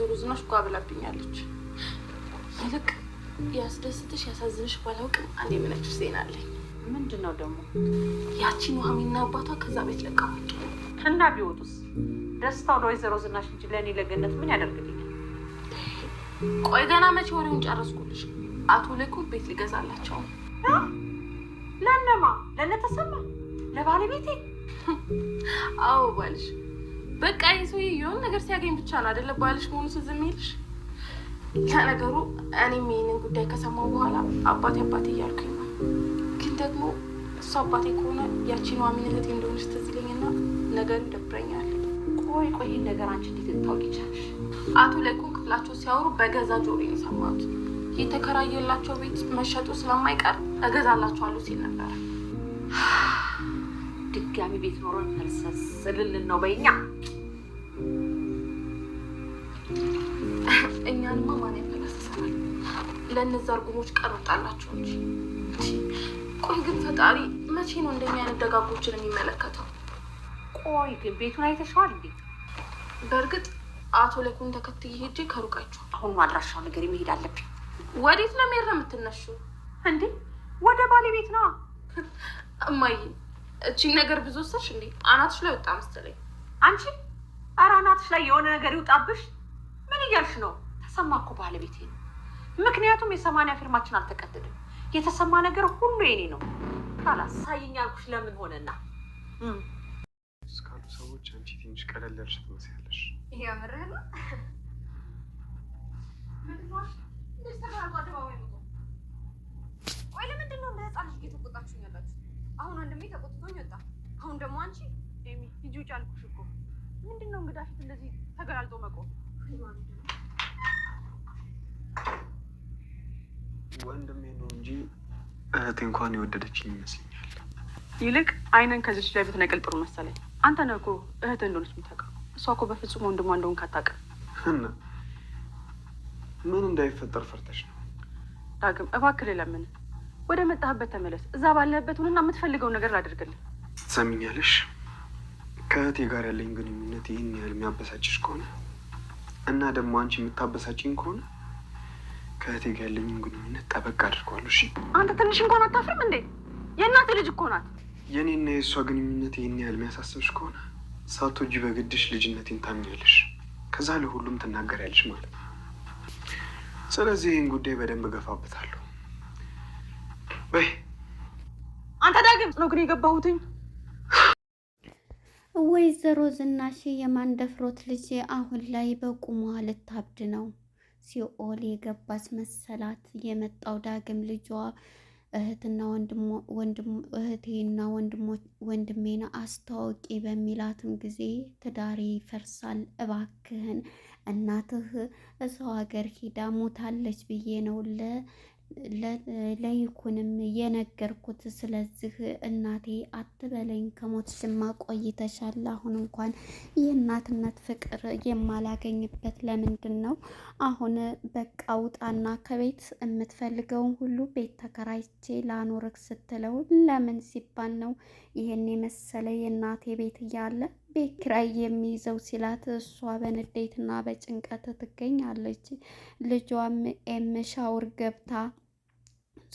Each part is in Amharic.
ዙሩ ዝናሽ ጓ ብላብኛለች። ይልቅ ያስደስትሽ ያሳዝንሽ ባላውቅም አንድ የምነግርሽ ዜና አለኝ። ምንድን ነው ደግሞ? ያቺ ኑሐሚንና አባቷ ከዛ ቤት ለቀዋቸው እና ቢወጡስ? ደስታው ለወይዘሮ ዝናሽ እንጂ ለእኔ ለገነት ምን ያደርግልኛል? ቆይ ገና መቼ ወሬውን ጨረስኩልሽ። አቶ ልኩ ቤት ሊገዛላቸው ለነማ ለነተሰማ ለባለቤቴ? አዎ ባልሽ በቃ ይህ ሰውዬ የሆነ ነገር ሲያገኝ ብቻ ነው አይደለ ባልሽ መሆኑ ዝም ይልሽ። ለነገሩ እኔም ይህንን ጉዳይ ከሰማሁ በኋላ አባቴ አባቴ እያልኩኝ ነው። ግን ደግሞ እሱ አባቴ ከሆነ ያቺን ዋሚንነት እንደሆነች ትዝ ይለኝና ነገሩ ይደብረኛል። ቆይ ቆይ ይህን ነገር አንቺ እንዴት ታውቂ ቻልሽ? አቶ ለይኩን ክፍላቸው ሲያወሩ በገዛ ጆሮ የሰማሁት የተከራየላቸው ቤት መሸጡ ስለማይቀር እገዛላቸዋለሁ ሲል ነበረ። ድጋሚ ቤት ኖሮን ፈልሰስ ስልልን ነው በኛ እኛንማ ማን ያፈለሰሰናል? ለእነዛ እርጉሞች ቀርጣላቸው እንጂ። ቆይ ግን ፈጣሪ መቼ ነው እንደኛ አይነት ደጋጎችን የሚመለከተው? ቆይ ግን ቤቱን አይተሸዋል እንዴ? በእርግጥ አቶ ለኩን ተከትዬ ሄጄ ከሩቃቸው አሁን ማድራሻው ነገር መሄድ አለብኝ። ወዴት ነው የምትነሹ እንዴ? ወደ ባሌ ቤት ነዋ እማዬ እቺን ነገር ብዙ ወሰድሽ እንዴ? አናትሽ ላይ ወጣ መሰለኝ። አንቺ ኧረ አናትሽ ላይ የሆነ ነገር ይውጣብሽ። ምን እያልሽ ነው? ተሰማ እኮ ባለቤቴ ነው። ምክንያቱም የሰማንያ ፊርማችን አልተቀደድም። የተሰማ ነገር ሁሉ የኔ ነው። ካላስ ሳይኝ ያልኩሽ ለምን ሆነና እስካሉ ሰዎች አንቺ ትንሽ ቀለል ያልሽ ትመስያለሽ። ያምርህና ምንድነው? ለምንድን ነው እንደ ህፃን ልጅ እየተቆጣችሁኝ ያላችሁ? አሁን ወንድሜ ተቆጥቶኝ ወጣ። አሁን ደግሞ አንቺ ኤሚ ሂጂ ውጭ አልኩሽ እኮ። ምንድን ነው እንግዳ ፊት እንደዚህ ተገላልጦ መቆም? ወንድሜ ነው እንጂ እህቴ እንኳን የወደደችኝ ይመስለኛል። ይልቅ አይነን ከዚች ላይ ብትነቅል ጥሩ መሰለኝ። አንተ ነህ እኮ እህት እንደሆነች የምታውቀው። እሷ እኮ በፍጹም ወንድሟ እንደሆን ካታውቅም ምን እንዳይፈጠር ፈርተሽ ነው ዳግም? እባክህ ልለምንህ ወደ መጣህበት ተመለስ። እዛ ባለህበት ሁንና የምትፈልገውን ነገር ላድርግልህ። ትሰሚኛለሽ? ከእህቴ ጋር ያለኝ ግንኙነት ይህን ያህል የሚያበሳጭሽ ከሆነ እና ደግሞ አንቺ የምታበሳጭኝ ከሆነ ከእህቴ ጋር ያለኝን ግንኙነት ጠበቅ አድርገዋለሁ። እሺ አንተ ትንሽ እንኳን አታፍርም እንዴ? የእናት ልጅ እኮ ናት። የእኔና የእሷ ግንኙነት ይህን ያህል የሚያሳስብሽ ከሆነ ሳትወጂ በግድሽ ልጅነቴን ታምኛለሽ፣ ከዛ ለሁሉም ትናገሪያለሽ ማለት ነው። ስለዚህ ይህን ጉዳይ በደንብ እገፋበታለሁ። ወይ አንተ ዳግም ነው ግን የገባሁትኝ። ወይዘሮ ዝናሽ የማንደፍሮት ልጅ አሁን ላይ በቁሟ ልታብድ ነው። ሲኦል የገባች መሰላት። የመጣው ዳግም ልጇ እህትና እህቴና ወንድሜን አስተዋውቂ በሚላትም ጊዜ ትዳሬ ይፈርሳል፣ እባክህን እናትህ እሰው ሀገር ሂዳ ሞታለች ብዬ ነው ለይኩንም የነገርኩት ስለዚህ እናቴ አትበለኝ፣ ሽማ ቆይተሻል። አሁን እንኳን የእናትነት ፍቅር የማላገኝበት ለምንድን ነው? አሁን በቃ ውጣና ከቤት የምትፈልገውን ሁሉ ቤት ተከራይቼ ላኖርክ ስትለው ለምን ሲባል ነው ይህን የመሰለ የእናቴ ቤት እያለ ቤት ኪራይ የሚይዘው ሲላት እሷ በንዴትና በጭንቀት ትገኛለች። ልጇም ኤም ሻውር ገብታ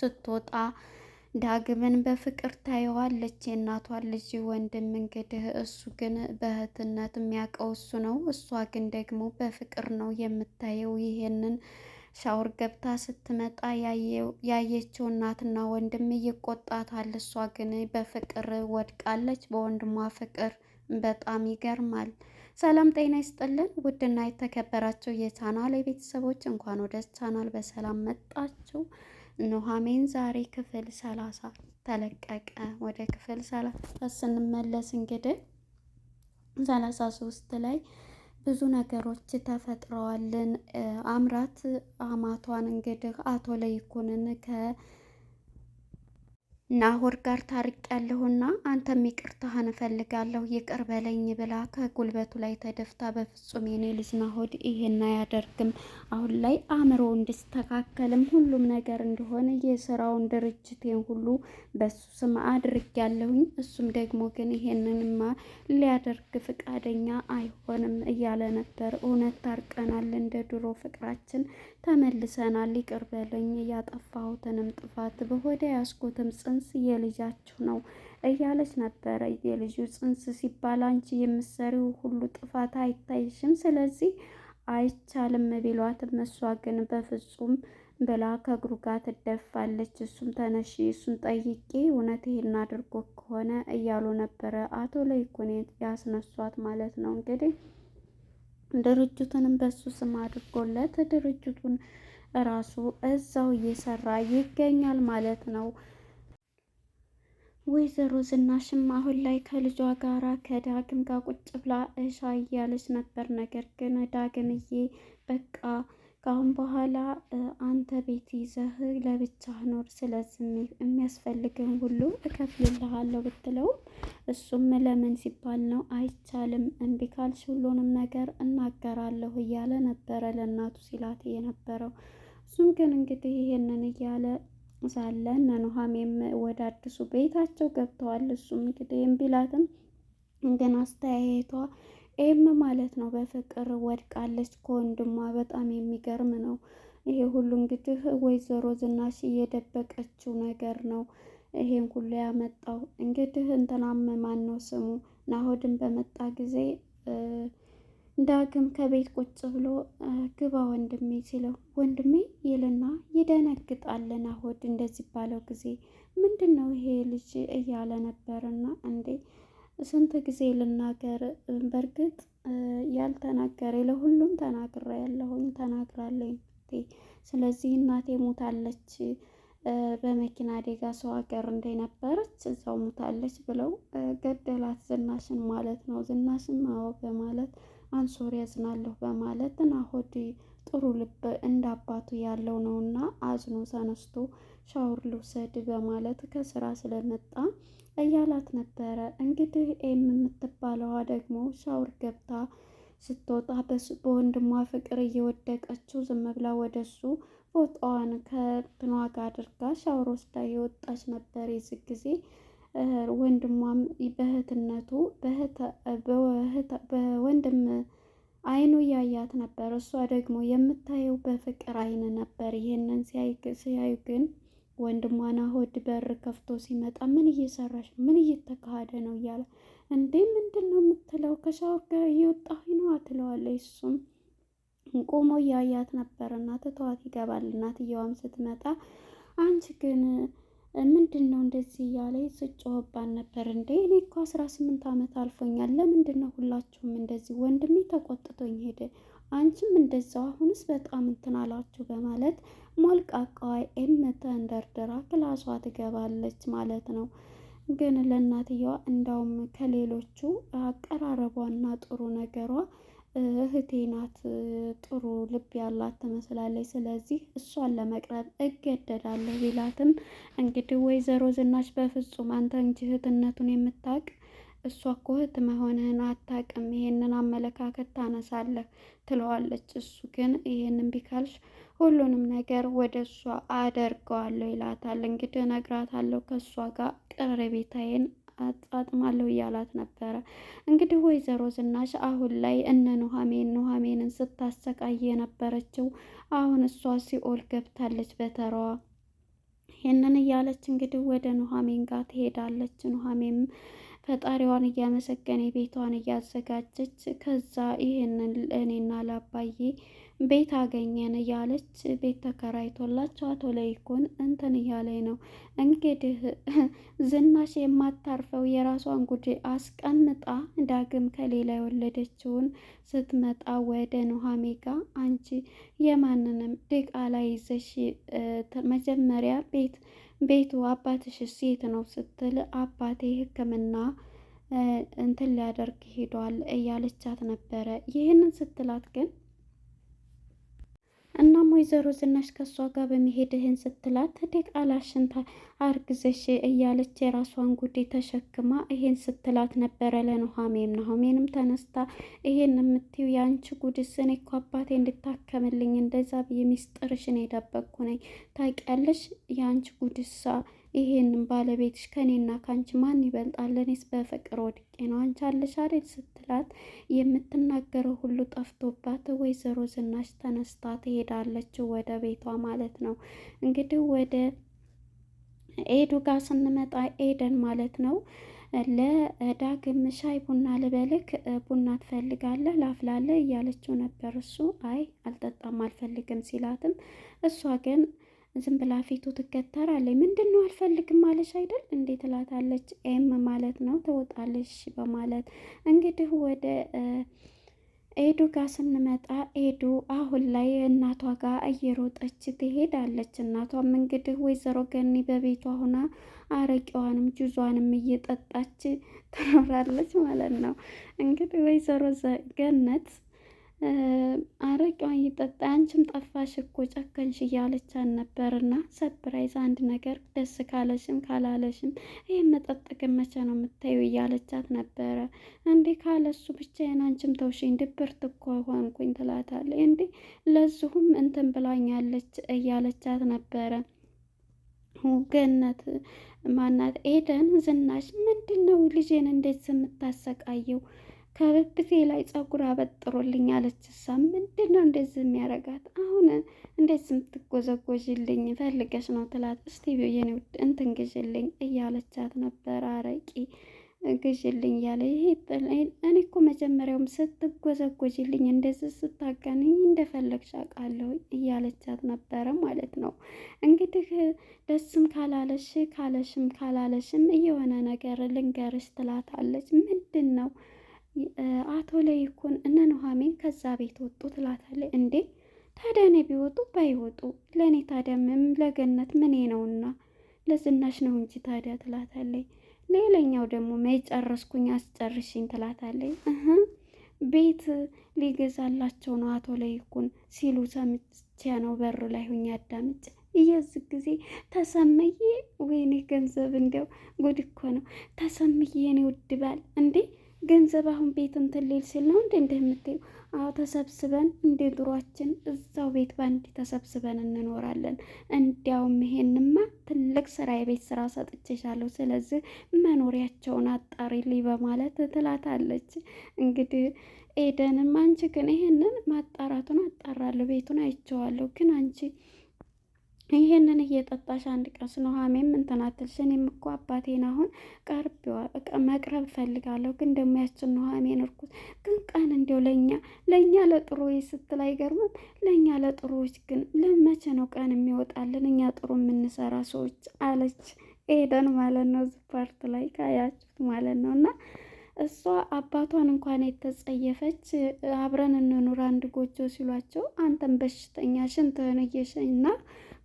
ስትወጣ ዳግምን በፍቅር ታየዋለች። የእናቷን ልጅ ወንድም እንግዲህ እሱ ግን በእህትነት የሚያውቀው እሱ ነው። እሷ ግን ደግሞ በፍቅር ነው የምታየው። ይሄንን ሻውር ገብታ ስትመጣ ያየችው እናትና ወንድም ይቆጣታል። እሷ ግን በፍቅር ወድቃለች በወንድሟ ፍቅር በጣም ይገርማል። ሰላም ጤና ይስጥልን ውድና የተከበራችሁ የቻናል የቤተሰቦች እንኳን ወደ ቻናል በሰላም መጣችሁ። ኑሐሚን ዛሬ ክፍል ሰላሳ ተለቀቀ። ወደ ክፍል ሰላሳ ስንመለስ እንግዲህ ሰላሳ ሶስት ላይ ብዙ ነገሮች ተፈጥረዋልን አምራት አማቷን እንግዲህ አቶ ለይኩንን ከ ናሆድ ጋር ያለሁና አንተም ይቅርታህን እፈልጋለሁ ይቅር በለኝ ብላ ከጉልበቱ ላይ ተደፍታ፣ በፍጹም የኔ ልጅ ናሆድ ይሄን አያደርግም። አሁን ላይ አእምሮ እንዲስተካከልም ሁሉም ነገር እንደሆነ የስራውን ድርጅቴን ሁሉ በሱ ስም ያለሁኝ እሱም ደግሞ ግን ይሄንንማ ሊያደርግ ፍቃደኛ አይሆንም እያለ ነበር። እውነት ታርቀናል፣ እንደ ድሮ ፍቅራችን ተመልሰናል። ይቅር በለኝ ያጠፋሁትንም ጥፋት በሆዴ ያስኩትም ጽንስ የልጃችሁ ነው እያለች ነበረ። የልጁ ጽንስ ሲባል አንቺ የምትሰሪው ሁሉ ጥፋት አይታይሽም፣ ስለዚህ አይቻልም ቢሏትም እሷ ግን በፍጹም ብላ ከእግሩ ጋር ትደፋለች። እሱም ተነሺ፣ እሱን ጠይቄ እውነት ይሄን አድርጎ ከሆነ እያሉ ነበረ አቶ ለይኩኔ ያስነሷት ማለት ነው እንግዲህ ድርጅቱንም በሱ ስም አድርጎለት ድርጅቱን ራሱ እዛው እየሰራ ይገኛል ማለት ነው። ወይዘሮ ዝናሽም አሁን ላይ ከልጇ ጋራ ከዳግም ጋር ቁጭ ብላ እሻ እያለች ነበር። ነገር ግን ዳግምዬ በቃ ከአሁን በኋላ አንተ ቤት ይዘህ ለብቻ ኖር፣ ስለዚህ የሚያስፈልግን ሁሉ እከፍልልሃለሁ ብትለውም እሱም ለምን ሲባል ነው አይቻልም፣ እምቢ ካልሽ ሁሉንም ነገር እናገራለሁ እያለ ነበረ ለእናቱ ሲላት የነበረው። እሱም ግን እንግዲህ ይሄንን እያለ ሳለ እነ ኑሃሜም ወደ አዲሱ ቤታቸው ገብተዋል። እሱም እንግዲህ እምቢ ላትም ግን አስተያየቷ ኤም ማለት ነው በፍቅር ወድቃለች ከወንድሟ። በጣም የሚገርም ነው ይሄ ሁሉ እንግዲህ ወይዘሮ ዝናሽ እየደበቀችው ነገር ነው ይሄን ሁሉ ያመጣው። እንግዲህ እንትናም ማን ነው ስሙ ናሆድን በመጣ ጊዜ ዳግም ከቤት ቁጭ ብሎ ግባ ወንድሜ ሲለው ወንድሜ ይልና ይደነግጣል። ናሆድ እንደዚህ ባለው ጊዜ ምንድን ነው ይሄ ልጅ እያለ ነበርና እንዴ ስንት ጊዜ ልናገር? በእርግጥ ያልተናገረ ለሁሉም ተናግራ ያለሁኝ ተናግራለኝ። ስለዚህ እናቴ ሞታለች በመኪና አደጋ ሰው ሀገር እንደነበረች እዛው ሞታለች ብለው ገደላት ዝናሽን ማለት ነው። ዝናሽን አዎ በማለት አንሶር ያዝናለሁ በማለት ናሆድ ጥሩ ልብ እንደ አባቱ ያለው ነው ነውና አዝኖ ተነስቶ ሻወር ልውሰድ በማለት ከስራ ስለመጣ እያላት ነበረ። እንግዲህ ኤም የምትባለዋ ደግሞ ሻወር ገብታ ስትወጣ በወንድሟ ፍቅር እየወደቀችው ዝም ብላ ወደ እሱ ፎጣዋን ከትኗ ጋር አድርጋ ሻወር ወስዳ የወጣች ነበር የዚህ ጊዜ ወንድሟም በእህትነቱ በወንድም አይኑ እያያት ነበር። እሷ ደግሞ የምታየው በፍቅር አይን ነበር። ይህንን ሲያዩ ግን ወንድሟን አሁድ በር ከፍቶ ሲመጣ ምን እየሰራሽ ነው? ምን እየተካሄደ ነው? እያለ እንዴ ምንድን ነው የምትለው? ከሻወር ጋር እየወጣሁ ነዋ ትለዋለች። እሱም ቆሞ እያያት ነበር እና ትተዋት ይገባል። እናትየዋም ስትመጣ አንቺ ግን ምንድን ነው እንደዚህ እያለ ስጮህባን ነበር እንዴ? እኔ እኮ አስራ ስምንት ዓመት አልፎኛል። ለምንድን ነው ሁላችሁም እንደዚህ? ወንድሜ ተቆጥቶኝ ሄደ፣ አንቺም እንደዛው፣ አሁንስ በጣም እንትን አላችሁ በማለት ሞልቃቃዋ ኤም ተንደርድራ ክላሷ ትገባለች ማለት ነው። ግን ለእናትየዋ እንዳውም ከሌሎቹ አቀራረቧና ጥሩ ነገሯ እህቴ ናት፣ ጥሩ ልብ ያላት ትመስላለች፣ ስለዚህ እሷን ለመቅረብ እገደዳለሁ ቢላትም እንግዲህ ወይዘሮ ዝናሽ በፍጹም አንተ እንጂ እህትነቱን የምታውቅ እሷ እኮ እህት መሆንህን አታውቅም፣ ይሄንን አመለካከት ታነሳለህ ትለዋለች። እሱ ግን ይሄንን ቢካልሽ ሁሉንም ነገር ወደ እሷ አደርገዋለሁ ይላታል። እንግዲህ እነግራታለሁ ከእሷ ጋር ቅርቤታዬን አጣጥማለሁ እያላት ነበረ። እንግዲህ ወይዘሮ ዝናሽ አሁን ላይ እነ ኑሐሜን ኑሐሜንን ስታሰቃይ የነበረችው አሁን እሷ ሲኦል ገብታለች በተራዋ። ይህንን እያለች እንግዲህ ወደ ኑሐሜን ጋር ትሄዳለች። ኑሐሜም ፈጣሪዋን እያመሰገነ ቤቷን እያዘጋጀች ከዛ ይህንን ለእኔና ለአባዬ ቤት አገኘን እያለች ቤት ተከራይቶላቸው አቶ ለይኩን እንትን እያለኝ ነው እንግዲህ ዝናሽ የማታርፈው የራሷን ጉድ አስቀምጣ ዳግም ከሌላ የወለደችውን ስትመጣ ወደ ኑሃሜ ጋ አንቺ የማንንም ድቃላ ይዘሽ መጀመሪያ ቤት ቤቱ አባትሽ ሴት ነው ስትል አባቴ ሕክምና እንትን ሊያደርግ ሄዷል እያለቻት ነበረ። ይህንን ስትላት ግን እናም ወይዘሮ ዝናሽ ከእሷ ጋር በመሄድህን ስትላት ስትላት አላሽንታ አርግዘሽ እያለች የራሷን ጉዴ ተሸክማ ይሄን ስትላት ነበረ ለኑሐሜን። ኑሐሜንም ተነስታ ይሄን የምትይው የአንቺ ጉድስ እኔ እኮ አባቴ እንድታከምልኝ እንደዛ ብዬ ሚስጥርሽን የደበቅኩ ነኝ ታውቂያለሽ። የአንቺ ጉድሳ ይሄንም ባለቤትሽ ከእኔና ከአንቺ ማን ይበልጣል? እኔስ በፍቅር ወድ ጤናዋን ቻለሽ አይደል ስትላት የምትናገረው ሁሉ ጠፍቶባት ወይዘሮ ዝናሽ ተነስታ ትሄዳለች ወደ ቤቷ ማለት ነው። እንግዲህ ወደ ኤዱ ጋር ስንመጣ ኤደን ማለት ነው ለዳግም ሻይ ቡና ልበልክ ቡና ትፈልጋለህ ላፍላለህ እያለችው ነበር። እሱ አይ አልጠጣም አልፈልግም ሲላትም እሷ ግን ዝም ብላ ፊቱ ትገተራለች። ምንድን ነው አልፈልግም ማለሽ አይደል እንዴ ትላታለች። ኤም ማለት ነው ትወጣለች በማለት እንግዲህ ወደ ኤዱ ጋር ስንመጣ ኤዱ አሁን ላይ እናቷ ጋር እየሮጠች ትሄዳለች። እናቷም እንግዲህ ወይዘሮ ገኒ በቤቷ ሆና አረቂዋንም ጁዟንም እየጠጣች ትኖራለች ማለት ነው። እንግዲህ ወይዘሮ ገነት አረቂዋን እየጠጣ አንቺም ጠፋሽ እኮ ጨከንሽ እያለቻን ነበርና፣ ሰፕራይዝ አንድ ነገር ደስ ካለሽም ካላለሽም ይህን መጠጥ ግን መቼ ነው የምታዩ እያለቻት ነበረ። እንዴ ካለሱ ብቻዬን አንቺም ተውሽኝ ድብርት እኮ ሆንኩኝ ትላታለች። እንዴ ለዚሁም እንትን ብላኛለች እያለቻት ነበረ። ገነት ማናት ኤደን ዝናሽ ምንድን ነው ልጄን እንዴት የምታሰቃየው? ከብብቴ ላይ ጸጉር አበጥሮልኝ አለች። እሷ ምንድን ነው እንደዚህ የሚያረጋት? አሁን እንዴት የምትጎዘጎዥልኝ ፈልገሽ ነው ትላት። እስቲ የኔ ውድ እንትን ግዥልኝ እያለቻት ነበር። አረቂ ግዥልኝ እያለ ይሄ እኔ እኮ መጀመሪያውም ስትጎዘጎዥልኝ እንደዚህ ስታጋንኝ እንደፈለግሽ አውቃለሁ እያለቻት ነበረ ማለት ነው። እንግዲህ ደስም ካላለሽ ካለሽም ካላለሽም እየሆነ ነገር ልንገርሽ ትላታለች። ምንድን ነው አቶ ለይኩን እነ ኑሐሚን ከዛ ቤት ወጡ ትላታለች። እንዴ ታዲያ እኔ ቢወጡ ባይወጡ ለእኔ ታዲያ ምን ለገነት ምኔ ነውና ለዝናሽ ነው እንጂ ታዲያ ትላታለች። ሌላኛው ደግሞ መጨረስኩኝ አስጨርሽኝ ትላታለች። ቤት ሊገዛላቸው ነው አቶ ለይኩን ሲሉ ሰምቼ ነው በሩ ላይ ሁኝ አዳምጭ እየዚህ ጊዜ ተሰምዬ ወይኔ ገንዘብ እንዲያው ጉድ እኮ ነው ተሰምዬ እኔ ውድ ባል እንዴ ገንዘብ አሁን ቤት እንትን ሊል ሲል ነው እንዴ እንደምትይው? አዎ ተሰብስበን እንደ ድሯችን እዛው ቤት ባንድ ተሰብስበን እንኖራለን። እንዲያውም ይሄንማ ትልቅ ስራ የቤት ስራ ሰጥቼሻለሁ፣ ስለዚህ መኖሪያቸውን አጣሪልኝ በማለት ትላታለች። እንግዲህ ኤደንም አንቺ ግን ይሄንን ማጣራቱን አጣራለሁ፣ ቤቱን አይቼዋለሁ፣ ግን አንቺ ይሄንን እየጠጣሽ አንድ ቀን ኑሃሚን ምን ትናትልሽ? እኔም እኮ አባቴን አሁን መቅረብ እፈልጋለሁ፣ ግን ደግሞ ያችን ኑሃሚን እርኩስ ግን ቀን እንዲው ለእኛ ለእኛ ለጥሩዎች ስትል አይገርምም? ለእኛ ለጥሩዎች ግን ለመቼ ነው ቀን የሚወጣልን እኛ ጥሩ የምንሰራ ሰዎች አለች ኤደን ማለት ነው። ፓርት ላይ ካያችሁት ማለት ነው እና እሷ አባቷን እንኳን የተጸየፈች አብረን እንኑር አንድ ጎጆ ሲሏቸው አንተን በሽተኛ ሽንትህን እየሸኝና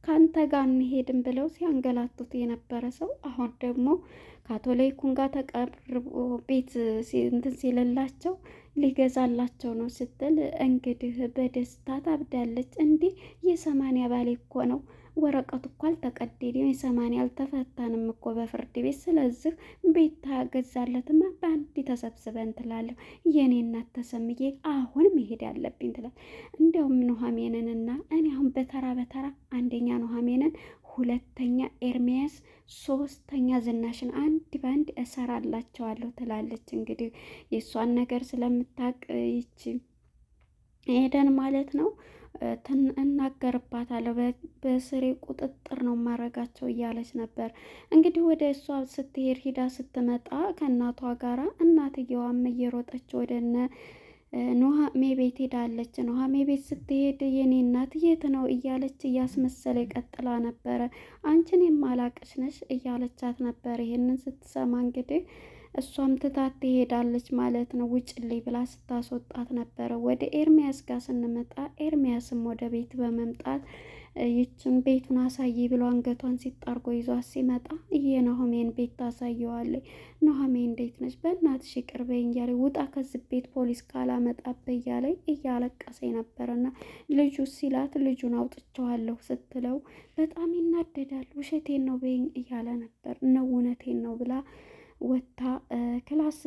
ከአንተ ጋር እንሄድም ብለው ሲያንገላቱት የነበረ ሰው አሁን ደግሞ ከአቶ ለይኩን ጋር ተቀርቦ ቤት እንትን ሲልላቸው ሊገዛላቸው ነው ስትል እንግዲህ በደስታ ታብዳለች። እንዲህ የሰማንያ ባሌ እኮ ነው ወረቀቱ እኮ አልተቀደደም፣ የሰማንያ አልተፈታንም እኮ በፍርድ ቤት። ስለዚህ ቤት ታገዛለትማ በአንድ ተሰብስበን ትላለሁ። የኔ እናት ተሰምዬ አሁን መሄድ ያለብኝ ትላል። እንዲያውም ኑሐሚንንና እኔ አሁን በተራ በተራ አንደኛ ኑሐሚንን፣ ሁለተኛ ኤርሚያስ፣ ሶስተኛ ዝናሽን አንድ በአንድ እሰራላቸዋለሁ ትላለች። እንግዲህ የእሷን ነገር ስለምታቅ ይቺ ሄደን ማለት ነው እናገርባታለሁ፣ በስሬ ቁጥጥር ነው ማረጋቸው እያለች ነበር። እንግዲህ ወደ እሷ ስትሄድ ሂዳ ስትመጣ ከእናቷ ጋራ እናትየዋም እየሮጠች ወደ እነ ኑሃሜ ቤት ሄዳለች። ኑሃሜ ቤት ስትሄድ የኔ እናት የት ነው እያለች እያስመሰለ ቀጥላ ነበረ። አንቺን የማላቅሽ ነሽ እያለቻት ነበር። ይህንን ስትሰማ እንግዲህ እሷም ትታት ትሄዳለች ማለት ነው። ውጭልኝ ብላ ስታስወጣት ነበረ። ወደ ኤርሚያስ ጋር ስንመጣ ኤርሚያስም ወደ ቤት በመምጣት ይችን ቤቱን አሳይ ብሎ አንገቷን ሲጣርጎ ይዟት ሲመጣ ይሄ የኑሐሚን ቤት ታሳየዋለች። ኑሐሚን እንዴት ነች? በእናትሽ ይቅር በይኝ እያለ ውጣ ከዚ ቤት ፖሊስ ካላመጣብህ እያለ እያለቀሰ ነበረና ልጁ ሲላት ልጁን አውጥቼዋለሁ ስትለው በጣም ይናደዳል። ውሸቴን ነው በይኝ እያለ ነበር ነው እውነቴን ነው ብላ ወታ ክላስ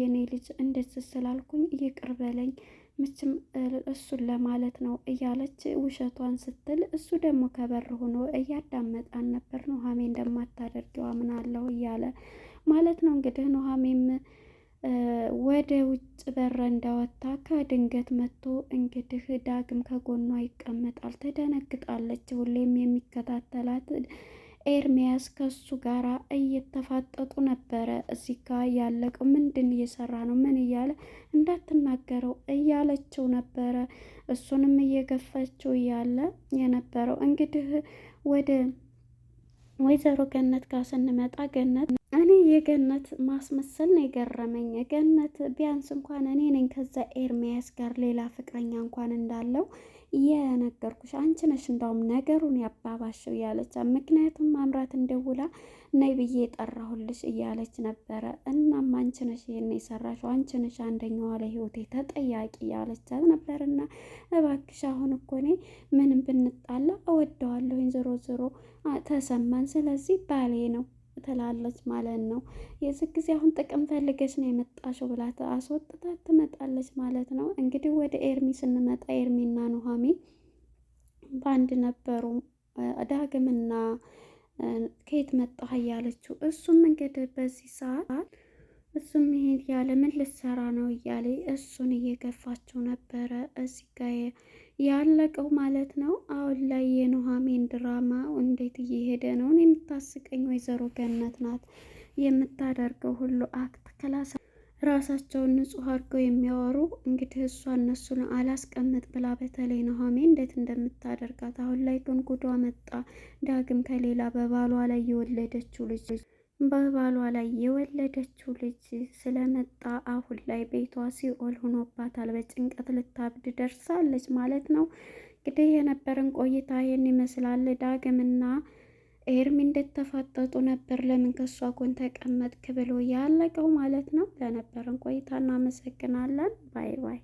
የኔ ልጅ እንደት ስላልኩኝ ይቅር በለኝ ምችም እሱን ለማለት ነው እያለች ውሸቷን ስትል እሱ ደግሞ ከበር ሆኖ እያዳመጣን ነበር። ኑሃሜ እንደማታደርገዋ ምናለው እያለ ማለት ነው። እንግዲህ ኑሃሜም ወደ ውጭ በር እንደወታ ከድንገት መጥቶ እንግዲህ ዳግም ከጎኗ ይቀመጣል። ትደነግጣለች። ሁሌም የሚከታተላት ኤርሚያስ ከሱ ጋር እየተፋጠጡ ነበረ። እዚህ ጋ ያለቀው ምንድን እየሰራ ነው? ምን እያለ እንዳትናገረው እያለችው ነበረ። እሱንም እየገፋችው እያለ የነበረው እንግዲህ ወደ ወይዘሮ ገነት ጋር ስንመጣ ገነት እኔ የገነት ማስመሰል ነው የገረመኝ። ገነት ቢያንስ እንኳን እኔ ነኝ ከዛ ኤርሚያስ ጋር ሌላ ፍቅረኛ እንኳን እንዳለው የነገርኩሽ አንቺ ነሽ እንዳውም ነገሩን ያባባሽው እያለች ምክንያቱም ማምራት እንደውላ ነይ ብዬ ጠራሁልሽ እያለች ነበረ። እናም አንቺ ነሽ ይህን የሰራሽው አንቺ ነሽ አንደኛዋ ለህይወቴ ተጠያቂ እያለቻት ነበርና እባክሽ አሁን እኮ እኔ ምንም ብንጣላ እወደዋለሁኝ ዞሮ ዞሮ ተሰማን፣ ስለዚህ ባሌ ነው ትላለች ማለት ነው። የዚህ ጊዜ አሁን ጥቅም ፈልገች ነው የመጣሽው ብላ አስወጥታት ትመጣለች ማለት ነው። እንግዲህ ወደ ኤርሚ ስንመጣ ኤርሚና ኑሃሚ በአንድ ነበሩ። ዳግምና ከየት መጣህ እያለችው እሱም እንግዲህ በዚህ ሰዓት እሱም ይሄን ያለ ምን ልሰራ ነው እያለ እሱን እየገፋችው ነበረ እዚህ ጋር ያለቀው ማለት ነው። አሁን ላይ የኑሐሚን ድራማ እንዴት እየሄደ ነው? የምታስቀኝ ወይዘሮ ገነት ናት። የምታደርገው ሁሉ አክት ከላሳ ራሳቸውን ንጹህ አድርገው የሚያወሩ እንግዲህ እሷ እነሱን አላስቀምጥ ብላ በተለይ ኑሐሚን እንዴት እንደምታደርጋት አሁን ላይ ግን ጉዷ መጣ። ዳግም ከሌላ በባሏ ላይ የወለደችው ልጅ በባሏ ላይ የወለደችው ልጅ ስለመጣ አሁን ላይ ቤቷ ሲኦል ሆኖባታል። በጭንቀት ልታብድ ደርሳለች ማለት ነው። እንግዲህ የነበረን ቆይታ ይህን ይመስላል። ዳግምና ኤርሚ እንደተፋጠጡ ነበር። ለምን ከሷ ጎን ተቀመጥክ ብሎ ያለቀው ማለት ነው። ለነበረን ቆይታ እናመሰግናለን። ባይ ባይ።